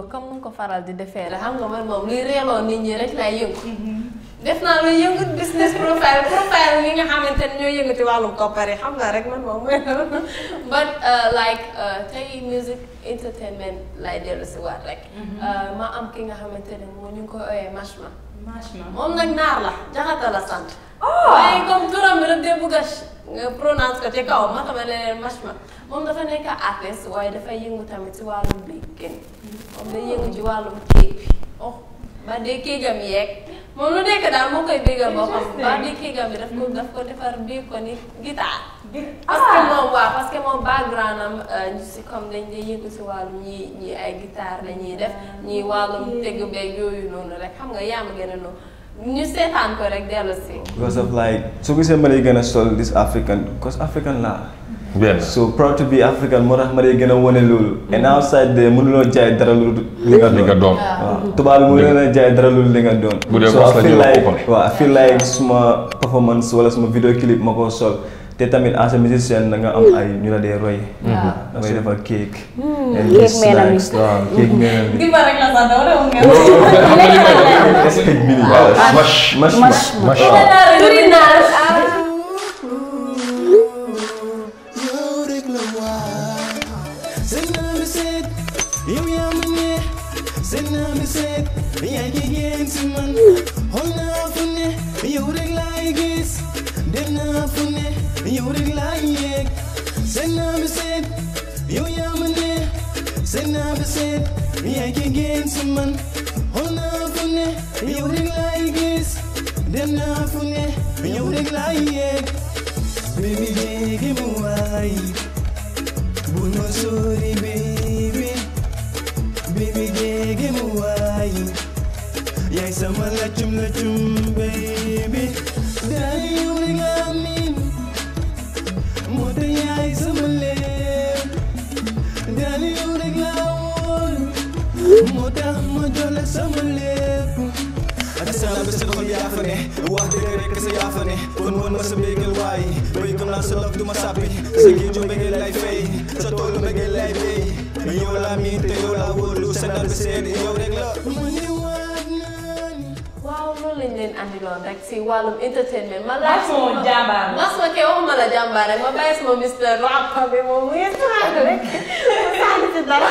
loolu comme nu ko faral di defee la xam nga man moom luy reeloo nit ñi rek lay yëngu. Mm-hmm. def naa lu yëngu business profile profile yi nga xamante ne ñoo yëngati wàllum koppar yi xam naa rek man moom mooy loolu. but uh, like uh, tey music entertainment lay dellu si rek. Mm-hmm. Uh, ma ki nga xamante ne moo ñu ngi ko ooyee Mashma. Mashma moom nag naar la jaxata la sant. Oh! waaye comme turam bi daf dee bëgg pronounce ko ci kaw ma xamal ne leen Mashma moom dafa nekk artiste waaye dafay yëngu tamit si wàllum béykat. moom day yëngu ci wàllum kéeg bi oh ba de kéegam yeeg moom lu nekk daal moo koy bégal boo xam ba de kéegam bi daf ko defar biir ko ni guitare parce ah! moom waaw parce moom background am euh, comme dañ day yëngu si wàllum ñi ñi ay guitare dañuy def ah, ñi wàllum tëgg beeg yooyu noonu rek xam nga yaa ma gën a noonu ñu seetaan ko rek dellu because of like soo gisee ma lay gën a sol this African because African laa so proud to be African murah tax ma dee gën a and outside de lo jaay dara lool li nga doon li nga doon. waaw tubaab bi mënuloo jaay dara lool li nga doon. so i feel like I feel like suma performance wala suma video clip mako sol. té tamit as a musician da nga am ay ñu la dé roy. waaw mhm. ngay defal cake. Hmm, and melam like, waaw cake man, di ba rek la sax dama ne mun mash mash mash mash. seet yow yaa ma neex seet naa ba seet yaa ngi génn si man xool naa fu ne yow rek laay gis dem naa fu ne yow rek laay yegg seet naa ba seet yow yaa ma neex seet naa ba seet yaa ngi génn si man xool naa fu ne yow rek laay gis dem naa fu ne yow rek laay yegg baby léegi mu waay bu ma sori bi mooy sama lëccum lëccum baby day yow rek laa miin moo tax yaay sama lépp daal yow rek laa wóor moo tax ma jox la sama lépp sala ba sa xol yaa fa ne wax ma sa mbéygal waay béykam naa lay fay sa toolu mbéggee lay bay yow laa miin te yow laa wóolu sa dal bi seede yow rek la lañ leen andiloon rek si wàllum entertainment. ma laaj sama jàmbaar ma waxuma la jàmbaar rek ma bàyyi sama mister Rapa bi moom mu ngi sànq rek mu sànq si dara.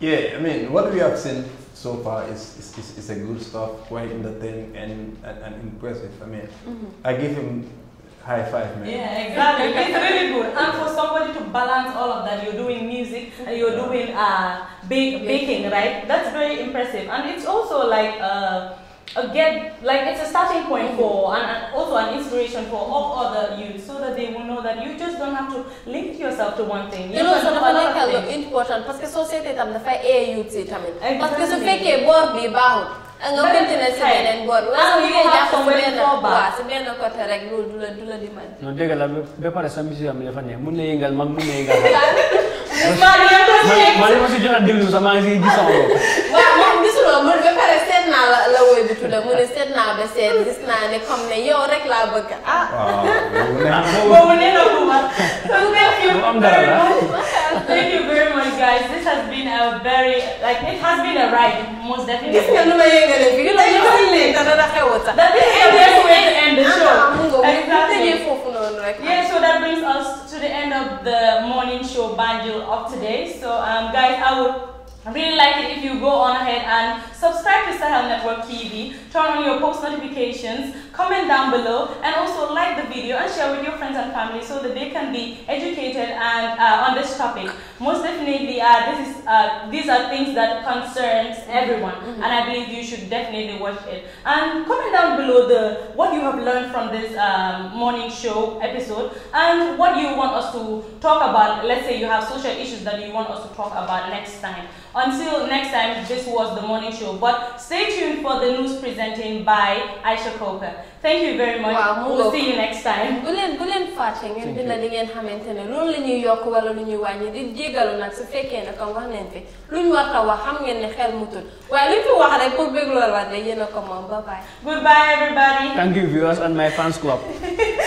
yeah, I mean, what we have seen so far is, is, is, is a good stuff, quite entertaining and, and, and impressive. I mean, mm -hmm. I give him high five, man. Yeah, exactly. it's really good. And for somebody to balance all of that, you're doing music and you're doing uh, bake, baking, right? That's very impressive. And it's also like... Uh, again, like it's a starting point for and, also an inspiration for all other youth so that they will know that you just don't have to limit yourself to one thing. You know, so dafa nekk lu important parce que société tam dafay air youth si tamit. parce que su fekkee boor bi baaxul. Ah, nga continuer si beneen boor. ah oui nga jàpp si benn waaw si benn côté rek loolu du la du la dimbali. non dégg la ba pare sa musique am dafa neex mun na yëngal mag mun na yëngal. maa ngi leen di maa ngi leen di joxe déglu sax maa ngi si gis sama bopp thank you very much guys this has been a very like it has been a ride most definitely. gis nga nu ma yëngalee fii la that is the best way to end the show. exactly yeah so that brings us to the end of the morning show banjul of today so um, guys I will. I really like it if you go on ahead and subscribe to Sahel Network TV, turn on your post notifications, Comment down below and also like the video and share with your friends and family so that they can be educated and uh, on this topic. Most definitely, uh, this is, uh, these are things that concerns everyone mm -hmm. and I believe you should definitely watch it. And comment down below the what you have learned from this um, morning show episode and what you want us to talk about. Let's say you have social issues that you want us to talk about next time. Until next time, this was the morning show. But stay tuned for the news presenting by Aisha Coker thank you very much. waaw we'll see you next time. bu leen bu leen fàtte ngeen dina li ngeen xamante ne loolu la ñuy yokk wala lu ñuy wàññi di jégalu nag su fekkee a wax xam ngeen ne xel mutul waaye luñ fi wax rek pour bégloo la de yéen a ko bye bye. goodbye everybody. thank you viewers and my fans club.